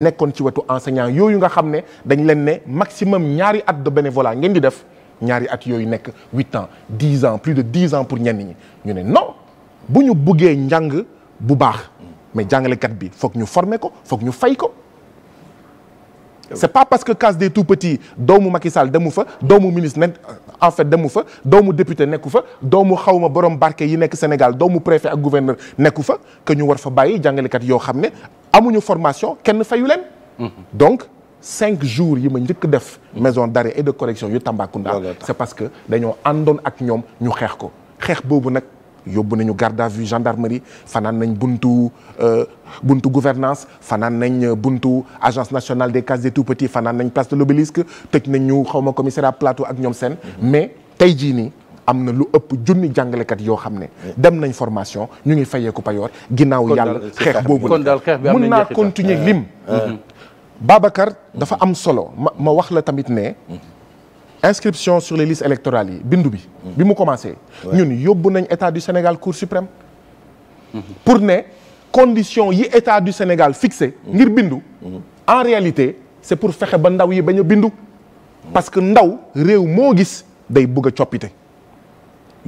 nekkoon ci wetu enseignant yooyu nga xam ne dañ leen ne maximum ñaari at de bénévolat ngeen di def ñaari at yooyu nekk huit ans dix ans plus de dix ans pour ñenn ñi ñu ne non bu ñu buggee njàng bu baax mais jàngalekat bi foog ñu former ko foog ñu fay ko. c'est pas parce que case des tout petits doomu Macky Sall demu fa doomu ministre nekk en demu fa doomu député nekku fa doomu xawma borom barke yi nekk Sénégal doomu préfet ak gouverneur nekku fa que ñu war fa bàyyi jàngalekat yoo xam ne amuñu formation kenn fayu leen. Mhm. donc cinq jours yi ma njëkk def. Mhm. maison d'arrêt et de correction yu Tambacounda. c'est parce que dañoo àndoon ak ñoom ñu xeex ko xeex boobu nag. yóbbu nañu garde à vue gendarmerie fanaan nañ buntu euh, buntu gouvernance fanaan nañ euh, buntu agence nationale des cases des tout petits fanaan nañ place de l'obélisque tëj nañ ñu xaw ma commissariat plateau ak ñoom seen mhm. mais tey jii nii am na lu ëpp junni jàngalekat yoo xam ne dem nañ formation ñu ngi fayeeku payoor ginnaaw yàlla xeex boobu la mun naa continuer ah. lim ah. Mm-hmm. Babacar dafa am solo ma ma wax la tamit ne inscription sur les listes électorales yi bindu bi mm-hmm. bi mu commencé ñun yóbbu nañ état du Sénégal cour suprême mm-hmm. pour ne condition yi état du Sénégal fixé ngir bindu en réalité c'est pour fexe ba ndaw yi bañ a bindu parce que ndaw réew moo gis day bëgg a coppite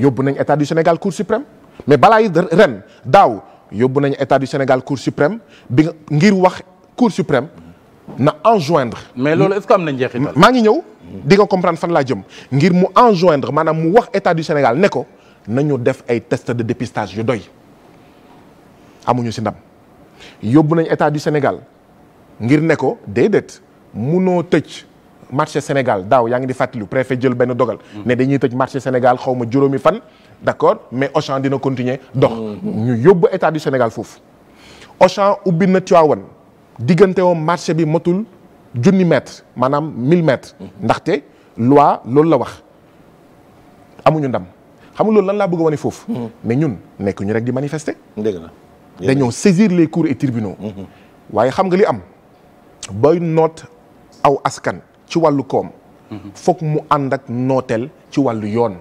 yóbbu nañ état du Sénégal cour suprême mais balaa yi ren daaw yóbbu nañ état du Sénégal cour suprême bi ngir wax cour suprême na enjoindre. mais loolu est-ce que am na maa ngi ñëw di nga comprendre fan laa jëm ngir mu enjoindre maanaam mu wax état du Sénégal ne ko nañu def ay test de dépistage yu doy amuñu si ndam yóbbu nañ état du Sénégal ngir ne ko déedéet munoo tëj. marché Sénégal daaw yaa ngi di fàttali préfet jël benn dogal. Mm. ne dañuy tëj marché Sénégal xaw ma juróomi fan. d'accord mais Auchan dina continuer dox. Mm-hmm. ñu yóbbu état du Sénégal foofu. Auchan ubbi na Tivaouane diggante woon marché bi matul junni mètre maanaam 1000 mètres. Mm-hmm. ndaxte loi loolu la wax amuñu ndam xam nga loolu lan laa bëgg wane foofu. Mm-hmm. mais ñun nekk ñu rek di manifester. dëgg la dañoo saisir les cours et tribunaux. waaye xam nga li am. boy noot aw askan. ci wàllu koom foog mu ànd ak nooteel ci wàllu yoon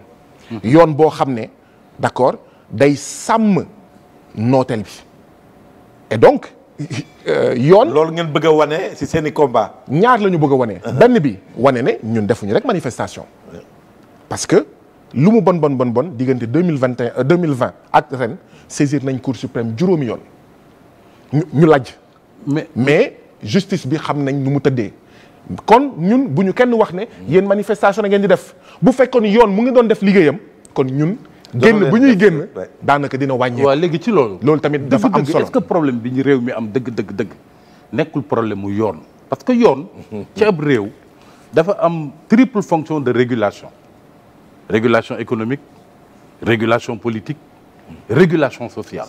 yoon boo xam ne d'accord day sàmm nooteel bi et donc euh, yoon loolu ngeen bëgg a wane ci seeni combat ñaar la ñu bëgg wane uh-huh. benn bi wane ne ñun defuñu rek manifestation parce que lu mu bon bon bon bon diggante deux mille vingt et un euh, deux mille vingt ak ren saisir nañ cour suprême juróomi yoon ñu ñu laaj mais mais justice bi xam nañ nu mu tëddee kon ñun bu ñu kenn wax ne yéen manifestation na ngeen di def bu fekkoon yoon mu ngi doon def liggéeyam kon ñun génn bu ñuy génn daanaka dina wàññee waaw léegi ci loolu loolu tamit dafa am solo que problème bi ñu réew mi am dëgg dëgg dëgg nekkul problème mu yoon parce que yoon ci ab réew dafa am triple fonction de régulation régulation économique régulation politique régulation sociale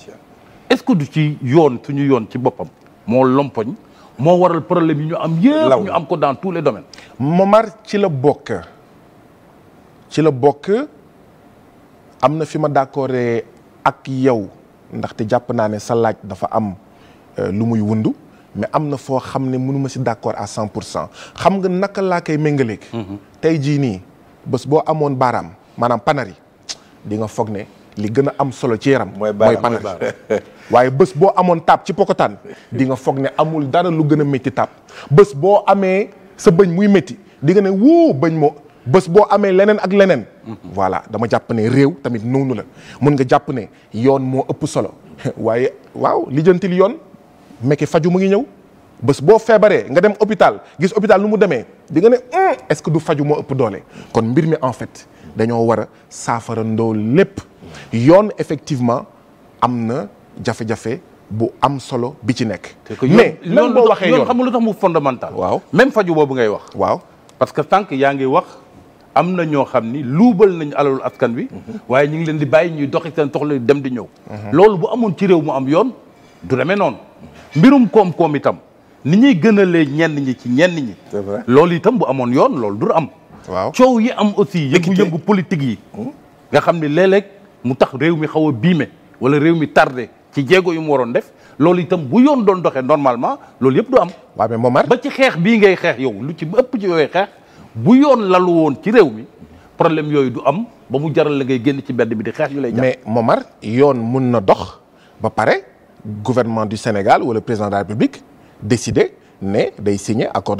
est-ce que du ci yoon suñu yoon ci boppam moo lompoñ moo waral problème yi ñu am yëpp ñu am ko dans tous les domaines Momar ci la bokk ci la bokk am na fi ma d'accord ak yow ndaxte jàpp naa ne sa laaj dafa am euh, lu muy wundu mais am na foo xam ne mënuma si d'accord à cent pour cent xam nga naka laa koy méngaleeg mhm. tey jii nii bés boo amoon baaraam maanaam panari di nga foog ne li gën a am solo ci yaram mooy panache waaye bës boo amoon taab ci pokotaan di nga foog ne amul dara lu gën a métti taab bés boo amee sa bëñ muy métti di nga ne wuu bëñ moo bës boo amee leneen ak leneen mm-hmm. voilà dama jàpp ne réew tamit noonu la mun nga jàpp ne yoon moo ëpp solo waaye waaw lijjantil yoon mekke faju mu ngi ñëw bës boo feebaree nga dem hôpital gis hôpital nu mu demee di nga ne hmm, est-ce que du faju moo ëpp doole kon mbir mi en fait dañoo war a saafara ndoo lépp yoon effectivement am na jafe-jafe bu am solo bi ci nekk. mais même boo waxee yoon xam nga lu tax mu fondamental. waaw même faju boobu ngay wax. waaw parce que tant yaa ngi wax am na ñoo xam ni luubal nañu alalu askan wi. waaye ñu ngi leen di bàyyi ñuy doxi seen soxla dem di ñëw. Mhm. loolu bu amoon ci réew mu am yoon du demee noonu. mbirum koom-koom itam ni ñuy gënalee ñenn ñi ci ñenn ñi. loolu itam bu amoon yoon loolu du am. waaw coow yi am aussi. yëngu-yëngu politique mu tax réew mi xaw a biime wala réew mi tardé ci jéego yu mu waroon def loolu itam bu yoon doon doxee normalement loolu yëpp du am. waaw mais Momar ba ci xeex bii ngay xeex yow lu ci ëpp ci yooyu xeex bu yoon lalu woon ci réew mi problème yooyu du am ba mu jaral la ngay génn ci bedd bi di xeex yu lay. jàpp mais Momar yoon mun na dox ba pare gouvernement du Sénégal wala président de la République décider ne day signer accord.